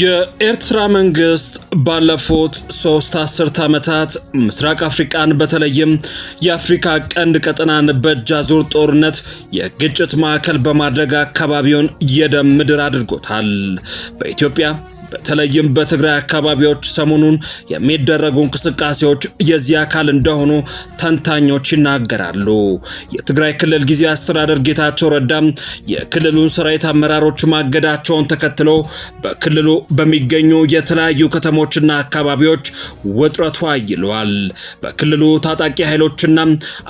የኤርትራ መንግስት ባለፉት ሶስት አስርት ዓመታት ምስራቅ አፍሪቃን በተለይም የአፍሪካ ቀንድ ቀጠናን በእጅ አዙር ጦርነት የግጭት ማዕከል በማድረግ አካባቢውን የደም ምድር አድርጎታል። በኢትዮጵያ በተለይም በትግራይ አካባቢዎች ሰሞኑን የሚደረጉ እንቅስቃሴዎች የዚህ አካል እንደሆኑ ተንታኞች ይናገራሉ። የትግራይ ክልል ጊዜ አስተዳደር ጌታቸው ረዳም የክልሉን ሰራዊት አመራሮች ማገዳቸውን ተከትሎ በክልሉ በሚገኙ የተለያዩ ከተሞችና አካባቢዎች ውጥረቱ አይሏል። በክልሉ ታጣቂ ኃይሎችና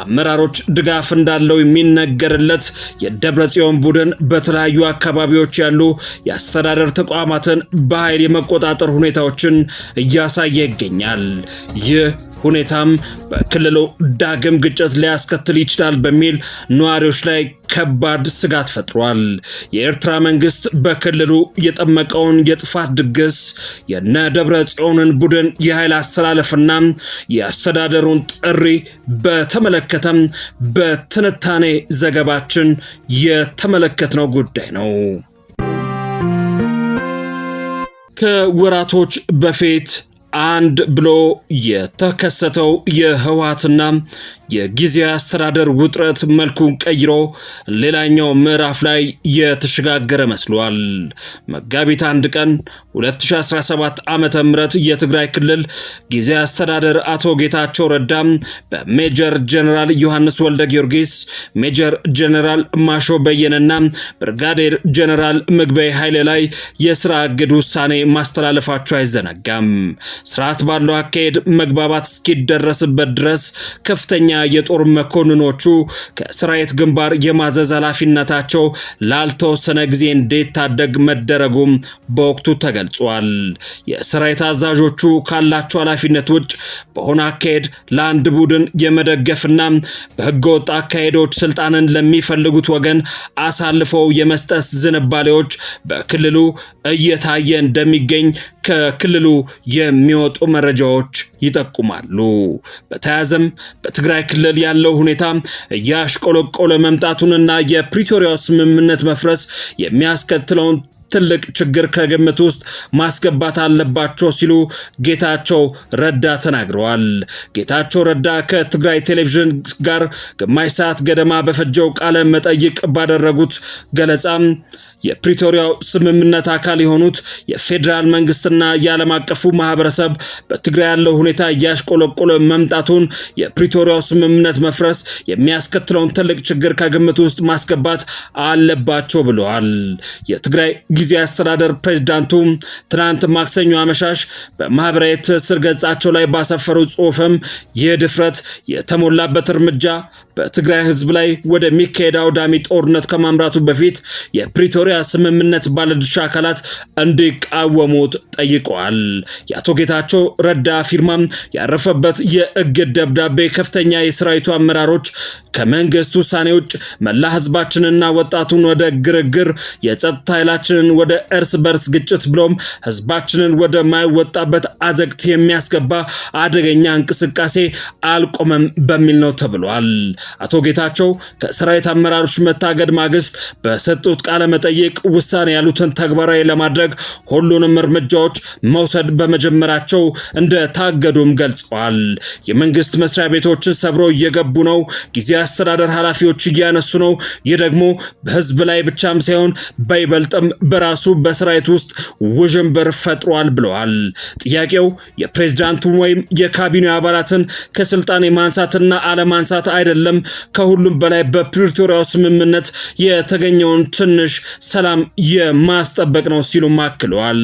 አመራሮች ድጋፍ እንዳለው የሚነገርለት የደብረ ጽዮን ቡድን በተለያዩ አካባቢዎች ያሉ የአስተዳደር ተቋማትን በ ኃይል የመቆጣጠር ሁኔታዎችን እያሳየ ይገኛል። ይህ ሁኔታም በክልሉ ዳግም ግጭት ሊያስከትል ይችላል በሚል ነዋሪዎች ላይ ከባድ ስጋት ፈጥሯል። የኤርትራ መንግስት በክልሉ የጠመቀውን የጥፋት ድግስ የነ ደብረ ጽዮንን ቡድን የኃይል አሰላለፍና የአስተዳደሩን ጥሪ በተመለከተም በትንታኔ ዘገባችን የተመለከትነው ጉዳይ ነው። ከወራቶች በፊት አንድ ብሎ የተከሰተው የህወሓትና የጊዜ አስተዳደር ውጥረት መልኩን ቀይሮ ሌላኛው ምዕራፍ ላይ የተሸጋገረ መስሏል። መጋቢት አንድ ቀን 2017 ዓ ም የትግራይ ክልል ጊዜ አስተዳደር አቶ ጌታቸው ረዳም በሜጀር ጀነራል ዮሐንስ ወልደ ጊዮርጊስ፣ ሜጀር ጀኔራል ማሾ በየነና ብርጋዴር ጀነራል ምግበይ ኃይሌ ላይ የስራ እግድ ውሳኔ ማስተላለፋቸው አይዘነጋም። ስርዓት ባለው አካሄድ መግባባት እስኪደረስበት ድረስ ከፍተኛ የጦር መኮንኖቹ ከሰራዊት ግንባር የማዘዝ ኃላፊነታቸው ላልተወሰነ ጊዜ እንዲታደግ መደረጉም በወቅቱ ተገልጿል። የሰራዊት አዛዦቹ ካላቸው ኃላፊነት ውጭ በሆነ አካሄድ ለአንድ ቡድን የመደገፍና በህገወጥ አካሄዶች ስልጣንን ለሚፈልጉት ወገን አሳልፈው የመስጠት ዝንባሌዎች በክልሉ እየታየ እንደሚገኝ ከክልሉ የሚወጡ መረጃዎች ይጠቁማሉ። በተያያዘም በትግራይ ክልል ያለው ሁኔታ እያሽቆለቆለ መምጣቱንና የፕሪቶሪያው ስምምነት መፍረስ የሚያስከትለውን ትልቅ ችግር ከግምት ውስጥ ማስገባት አለባቸው ሲሉ ጌታቸው ረዳ ተናግረዋል። ጌታቸው ረዳ ከትግራይ ቴሌቪዥን ጋር ግማሽ ሰዓት ገደማ በፈጀው ቃለ መጠይቅ ባደረጉት ገለጻም የፕሪቶሪያው ስምምነት አካል የሆኑት የፌዴራል መንግስትና የዓለም አቀፉ ማህበረሰብ በትግራይ ያለው ሁኔታ እያሽቆለቆለ መምጣቱን የፕሪቶሪያው ስምምነት መፍረስ የሚያስከትለውን ትልቅ ችግር ከግምት ውስጥ ማስገባት አለባቸው ብለዋል። የትግራይ ጊዜያዊ አስተዳደር ፕሬዚዳንቱ ትናንት ማክሰኞ አመሻሽ በማህበራዊ ትስስር ገጻቸው ላይ ባሰፈሩ ጽሁፍም ይህ ድፍረት የተሞላበት እርምጃ በትግራይ ህዝብ ላይ ወደሚካሄድ አውዳሚ ጦርነት ከማምራቱ በፊት የፕሪቶሪያ ስምምነት ባለድርሻ አካላት እንዲቃወሙት ጠይቀዋል። የአቶ ጌታቸው ረዳ ፊርማም ያረፈበት የእግድ ደብዳቤ ከፍተኛ የሰራዊቱ አመራሮች ከመንግስት ውሳኔ ውጭ መላ ህዝባችንና ወጣቱን ወደ ግርግር፣ የጸጥታ ኃይላችንን ወደ እርስ በርስ ግጭት ብሎም ህዝባችንን ወደማይወጣበት አዘቅት የሚያስገባ አደገኛ እንቅስቃሴ አልቆመም በሚል ነው ተብሏል። አቶ ጌታቸው ከሰራዊት አመራሮች መታገድ ማግስት በሰጡት ቃለ መጠይቅ ውሳኔ ያሉትን ተግባራዊ ለማድረግ ሁሉንም እርምጃዎች መውሰድ በመጀመራቸው እንደታገዱም ገልጸዋል። የመንግስት መስሪያ ቤቶችን ሰብረው እየገቡ ነው። ጊዜ አስተዳደር ኃላፊዎች እያነሱ ነው። ይህ ደግሞ በህዝብ ላይ ብቻም ሳይሆን በይበልጥም በራሱ በሰራዊት ውስጥ ውዥንብር ፈጥሯል ብለዋል። ጥያቄው የፕሬዝዳንቱ ወይም የካቢኔ አባላትን ከስልጣን የማንሳትና አለማንሳት አይደለም ዓለም ከሁሉም በላይ በፕሪቶሪያው ስምምነት የተገኘውን ትንሽ ሰላም የማስጠበቅ ነው ሲሉም አክለዋል።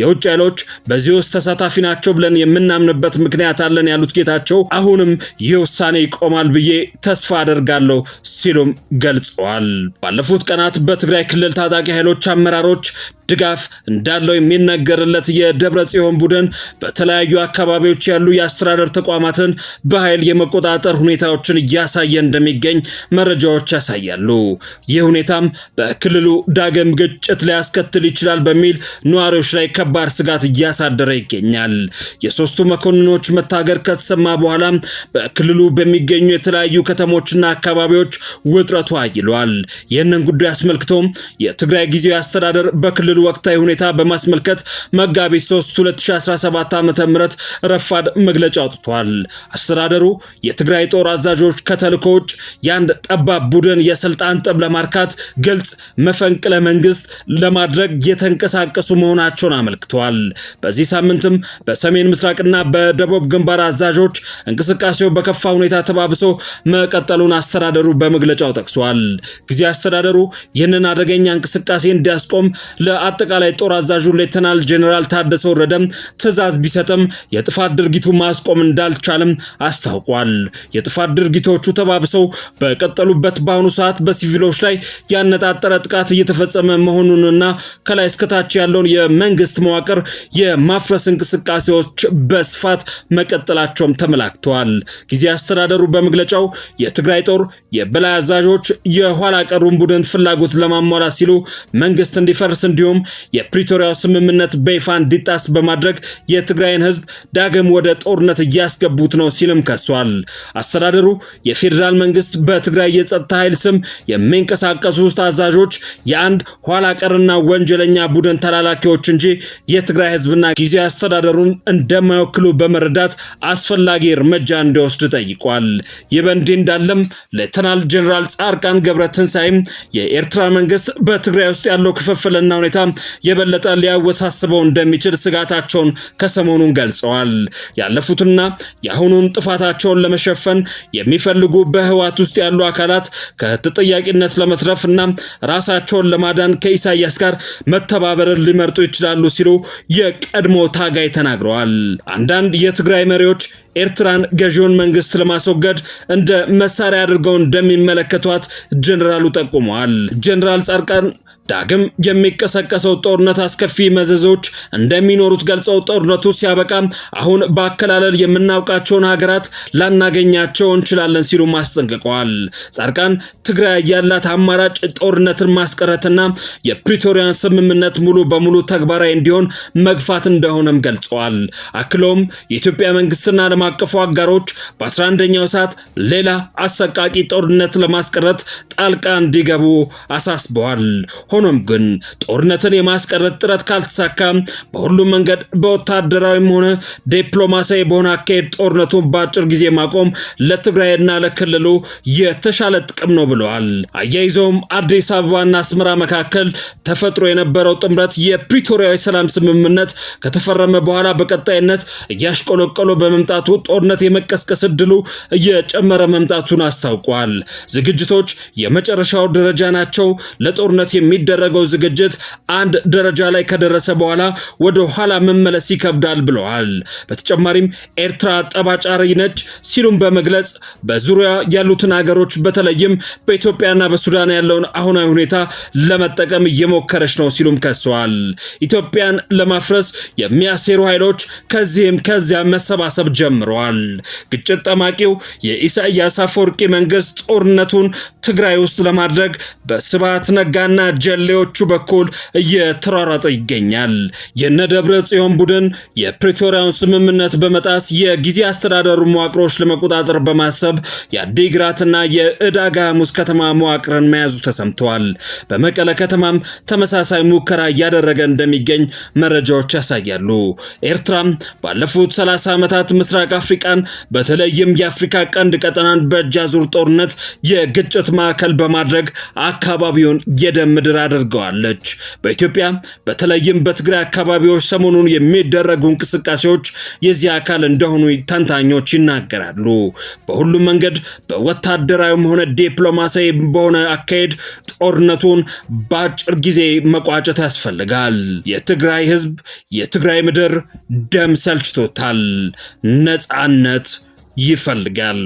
የውጭ ኃይሎች በዚህ ውስጥ ተሳታፊ ናቸው ብለን የምናምንበት ምክንያት አለን ያሉት ጌታቸው አሁንም ይህ ውሳኔ ይቆማል ብዬ ተስፋ አደርጋለሁ ሲሉም ገልጸዋል። ባለፉት ቀናት በትግራይ ክልል ታጣቂ ኃይሎች አመራሮች ድጋፍ እንዳለው የሚነገርለት የደብረ ጽዮን ቡድን በተለያዩ አካባቢዎች ያሉ የአስተዳደር ተቋማትን በኃይል የመቆጣጠር ሁኔታዎችን እያሳየ እንደሚገኝ መረጃዎች ያሳያሉ። ይህ ሁኔታም በክልሉ ዳግም ግጭት ሊያስከትል ይችላል በሚል ነዋሪዎች ላይ ከባድ ስጋት እያሳደረ ይገኛል። የሶስቱ መኮንኖች መታገር ከተሰማ በኋላም በክልሉ በሚገኙ የተለያዩ ከተሞችና አካባቢዎች ውጥረቱ አይሏል። ይህንን ጉዳይ አስመልክቶም የትግራይ ጊዜያዊ አስተዳደር በክልሉ ወቅታዊ ሁኔታ በማስመልከት መጋቢት 3 2017 ዓ.ም ረፋድ መግለጫ አውጥቷል። አስተዳደሩ የትግራይ ጦር አዛዦች ከተልእኮ ውጭ የአንድ ጠባብ ቡድን የስልጣን ጥብ ለማርካት ግልጽ መፈንቅለ መንግስት ለማድረግ የተንቀሳቀሱ መሆናቸውን አመልክቷል። በዚህ ሳምንትም በሰሜን ምስራቅና በደቡብ ግንባር አዛዦች እንቅስቃሴው በከፋ ሁኔታ ተባብሶ መቀጠሉን አስተዳደሩ በመግለጫው ጠቅሷል። ጊዜ አስተዳደሩ ይህንን አደገኛ እንቅስቃሴ እንዲያስቆም ለ አጠቃላይ ጦር አዛዡ ሌተናል ጄኔራል ታደሰ ወረደ ትዕዛዝ ቢሰጥም የጥፋት ድርጊቱ ማስቆም እንዳልቻለም አስታውቋል። የጥፋት ድርጊቶቹ ተባብሰው በቀጠሉበት በአሁኑ ሰዓት በሲቪሎች ላይ ያነጣጠረ ጥቃት እየተፈጸመ መሆኑንና ከላይ እስከታች ያለውን የመንግስት መዋቅር የማፍረስ እንቅስቃሴዎች በስፋት መቀጠላቸውም ተመላክተዋል። ጊዜ አስተዳደሩ በመግለጫው የትግራይ ጦር የበላይ አዛዦች የኋላ ቀሩን ቡድን ፍላጎት ለማሟላት ሲሉ መንግስት እንዲፈርስ እንዲሆን እንዲሁም የፕሪቶሪያው ስምምነት በይፋ እንዲጣስ በማድረግ የትግራይን ህዝብ ዳግም ወደ ጦርነት እያስገቡት ነው ሲልም ከሷል። አስተዳደሩ የፌዴራል መንግስት በትግራይ የጸጥታ ኃይል ስም የሚንቀሳቀሱ አዛዦች የአንድ ኋላ ቀርና ወንጀለኛ ቡድን ተላላኪዎች እንጂ የትግራይ ህዝብና ጊዜ አስተዳደሩን እንደማይወክሉ በመረዳት አስፈላጊ እርምጃ እንዲወስድ ጠይቋል። ይህ በእንዲህ እንዳለም ሌተናል ጄኔራል ጻድቃን ገብረ የኤርትራ መንግስት በትግራይ ውስጥ ያለው ክፍፍልና ሁኔታ የበለጠ ሊያወሳስበው እንደሚችል ስጋታቸውን ከሰሞኑን ገልጸዋል። ያለፉትና የአሁኑን ጥፋታቸውን ለመሸፈን የሚፈልጉ በህወሓት ውስጥ ያሉ አካላት ከተጠያቂነት ለመትረፍ እና ራሳቸውን ለማዳን ከኢሳያስ ጋር መተባበርን ሊመርጡ ይችላሉ ሲሉ የቀድሞ ታጋይ ተናግረዋል። አንዳንድ የትግራይ መሪዎች ኤርትራን ገዢውን መንግስት ለማስወገድ እንደ መሳሪያ አድርገው እንደሚመለከቷት ጀኔራሉ ጠቁመዋል። ጀኔራል ጻድቃን ዳግም የሚቀሰቀሰው ጦርነት አስከፊ መዘዞች እንደሚኖሩት ገልጸው ጦርነቱ ሲያበቃ አሁን በአከላለል የምናውቃቸውን ሀገራት ላናገኛቸው እንችላለን ሲሉ አስጠንቅቀዋል። ጻድቃን ትግራይ ያላት አማራጭ ጦርነትን ማስቀረትና የፕሪቶሪያን ስምምነት ሙሉ በሙሉ ተግባራዊ እንዲሆን መግፋት እንደሆነም ገልጸዋል። አክሎም የኢትዮጵያ መንግስትና ዓለም አቀፉ አጋሮች በ11ኛው ሰዓት ሌላ አሰቃቂ ጦርነት ለማስቀረት ጣልቃ እንዲገቡ አሳስበዋል። ሆኖም ግን ጦርነትን የማስቀረት ጥረት ካልተሳካ በሁሉም መንገድ በወታደራዊም ሆነ ዲፕሎማሲያዊ በሆነ አካሄድ ጦርነቱን በአጭር ጊዜ ማቆም ለትግራይና ለክልሉ የተሻለ ጥቅም ነው ብለዋል። አያይዘውም አዲስ አበባና አስመራ መካከል ተፈጥሮ የነበረው ጥምረት የፕሪቶሪያዊ ሰላም ስምምነት ከተፈረመ በኋላ በቀጣይነት እያሽቆለቆሎ በመምጣቱ ጦርነት የመቀስቀስ እድሉ እየጨመረ መምጣቱን አስታውቋል። ዝግጅቶች የመጨረሻው ደረጃ ናቸው። ለጦርነት የሚ የሚደረገው ዝግጅት አንድ ደረጃ ላይ ከደረሰ በኋላ ወደ ኋላ መመለስ ይከብዳል ብለዋል። በተጨማሪም ኤርትራ ጠባጫሪ ነች ሲሉም በመግለጽ በዙሪያ ያሉትን ሀገሮች በተለይም በኢትዮጵያና በሱዳን ያለውን አሁናዊ ሁኔታ ለመጠቀም እየሞከረች ነው ሲሉም ከሰዋል። ኢትዮጵያን ለማፍረስ የሚያሴሩ ኃይሎች ከዚህም ከዚያ መሰባሰብ ጀምረዋል። ግጭት ጠማቂው የኢሳያስ አፈወርቂ መንግስት ጦርነቱን ትግራይ ውስጥ ለማድረግ በስብሃት ነጋና ጀ ጀሌዎቹ በኩል እየተሯሯጠ ይገኛል። የነ ደብረ ጽዮን ቡድን የፕሪቶሪያውን ስምምነት በመጣስ የጊዜ አስተዳደሩ መዋቅሮች ለመቆጣጠር በማሰብ የአዲግራትና የእዳጋ ሐሙስ ከተማ መዋቅርን መያዙ ተሰምተዋል። በመቀለ ከተማም ተመሳሳይ ሙከራ እያደረገ እንደሚገኝ መረጃዎች ያሳያሉ። ኤርትራም ባለፉት 30 ዓመታት ምስራቅ አፍሪቃን በተለይም የአፍሪካ ቀንድ ቀጠናን በእጅ አዙር ጦርነት የግጭት ማዕከል በማድረግ አካባቢውን የደም ምድር አድርገዋለች። በኢትዮጵያ በተለይም በትግራይ አካባቢዎች ሰሞኑን የሚደረጉ እንቅስቃሴዎች የዚህ አካል እንደሆኑ ተንታኞች ይናገራሉ። በሁሉም መንገድ በወታደራዊም ሆነ ዲፕሎማሲያዊ በሆነ አካሄድ ጦርነቱን በአጭር ጊዜ መቋጨት ያስፈልጋል። የትግራይ ህዝብ የትግራይ ምድር ደም ሰልችቶታል። ነፃነት ይፈልጋል።